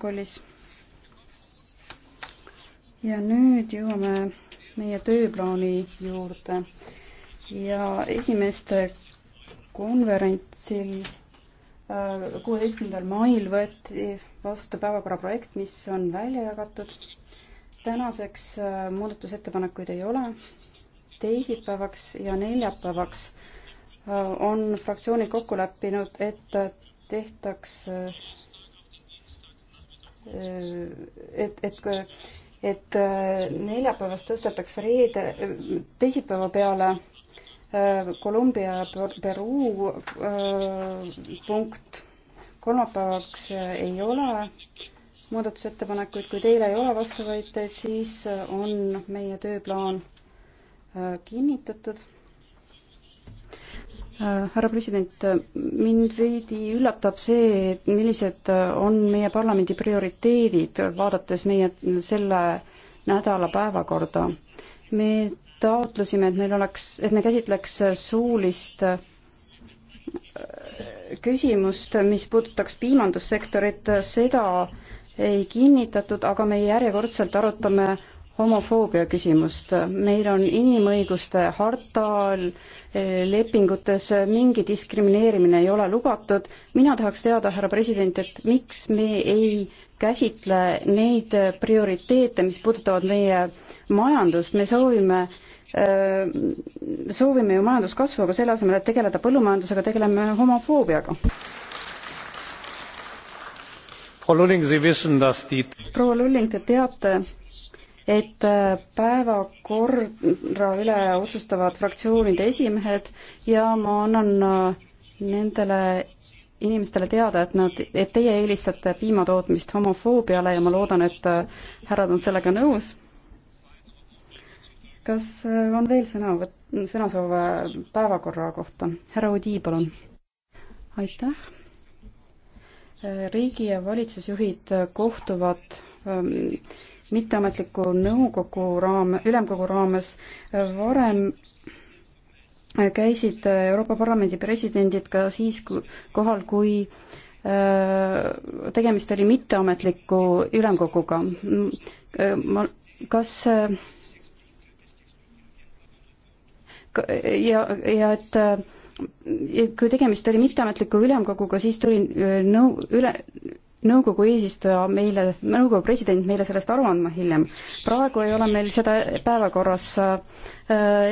protokollis. ja nüüd jõuame meie tööplaani juurde ja esimeste konverentsil äh, kuueteistkümnendal mail võeti vastu päevakorra projekt, mis on välja jagatud. tänaseks äh, muudatusettepanekuid ei ole. teisipäevaks ja neljapäevaks äh, on fraktsioonid kokku leppinud, et tehtaks Äh, et, et et äh, neljapäevast tõstetakse reede, teisipäeva peale äh, Kolumbia ja Peruu punkt. kolmapäevaks ei ole muudatusettepanekuid, kui teil ei ole vastuvõtjaid, siis on meie tööplaan kinnitatud Äh, härra president, mind veidi üllatab see, millised on meie parlamendi prioriteedid, vaadates meie selle nädala päevakorda. me taotlesime, et meil oleks, et me käsitleks suulist äh, küsimust, mis puudutaks piimandussektorit, seda ei kinnitatud, aga me järjekordselt arutame homofoobia küsimust. meil on inimõiguste hartal, eh, lepingutes eh, mingi diskrimineerimine ei ole lubatud. mina tahaks teada, härra president, et miks me ei käsitle neid prioriteete, mis puudutavad meie majandust, me soovime eh, soovime ju majanduskasvu, aga selle asemel, et tegeleda põllumajandusega, tegeleme homofoobiaga. proua Lulling, te teate, et äh, päevakorra üle otsustavad fraktsioonide esimehed ja ma annan äh, nendele inimestele teada, et nad, et teie eelistate piimatootmist homofoobiale ja ma loodan, et äh, härrad on sellega nõus. kas on veel sõnavõtt, sõnasoove päevakorra kohta? härra Udi, palun. aitäh. riigi ja valitsusjuhid kohtuvad ähm, mitteametliku nõukogu raam, ülemkogu raames varem käisid Euroopa Parlamendi presidendid ka siis kohal, kui äh, tegemist oli mitteametliku ülemkoguga. Mm, äh, ma, kas ja, ja et äh, et kui tegemist oli mitteametliku ülemkoguga, siis tuli nõu, üle, nõukogu eesistuja meile, nõukogu president meile sellest aru andma hiljem. praegu ei ole meil seda päevakorras äh,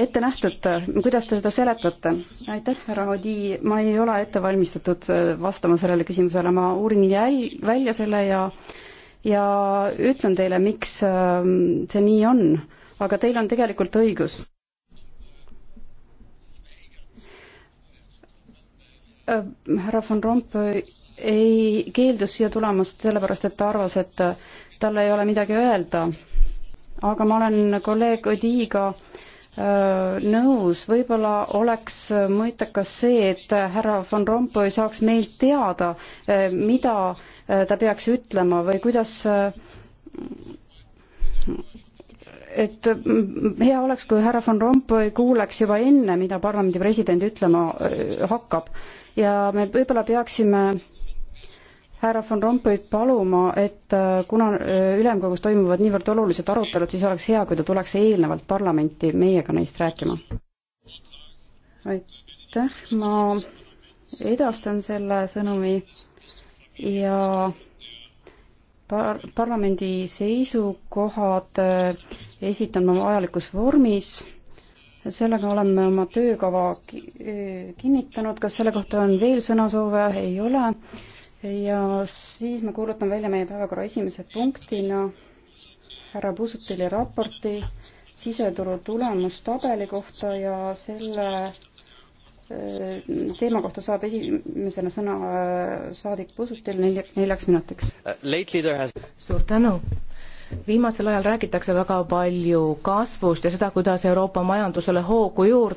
ette nähtud, kuidas te seda seletate? aitäh, härra Odi, ma ei ole ette valmistatud äh, vastama sellele küsimusele, ma uurin jäi-, välja selle ja ja ütlen teile, miks ähm, see nii on, aga teil on tegelikult õigus äh, härra von Rompuy ei, keeldus siia tulemast sellepärast, et ta arvas, et tal ei ole midagi öelda. aga ma olen kolleeg Odiga äh, nõus, võib-olla oleks mõõtekas see, et härra Van Rompuy saaks meilt teada, äh, mida äh, ta peaks ütlema või kuidas et mm, hea oleks, kui härra Van Rompuy kuuleks juba enne, mida parlamendi president ütlema hakkab ja me võib-olla peaksime härra von Rompuyd paluma, et äh, kuna äh, ülemkogus toimuvad niivõrd olulised arutelud, siis oleks hea, kui ta tuleks eelnevalt parlamenti meiega neist rääkima. aitäh, ma edastan selle sõnumi ja par-, parlamendi seisukohad äh, esitan ma vajalikus vormis, sellega oleme oma töökava kinnitanud, kas selle kohta on veel sõnasoove, ei ole ja siis ma kuulutan välja meie päevakorra esimese punktina härra Pusutili raporti siseturu tulemustabeli kohta ja selle äh, teema kohta saab esimesena sõna äh, saadik Pusutil neljaks minutiks. Uh, suur tänu! viimasel ajal räägitakse väga palju kasvust ja seda, kuidas Euroopa majandusele hoogu juurde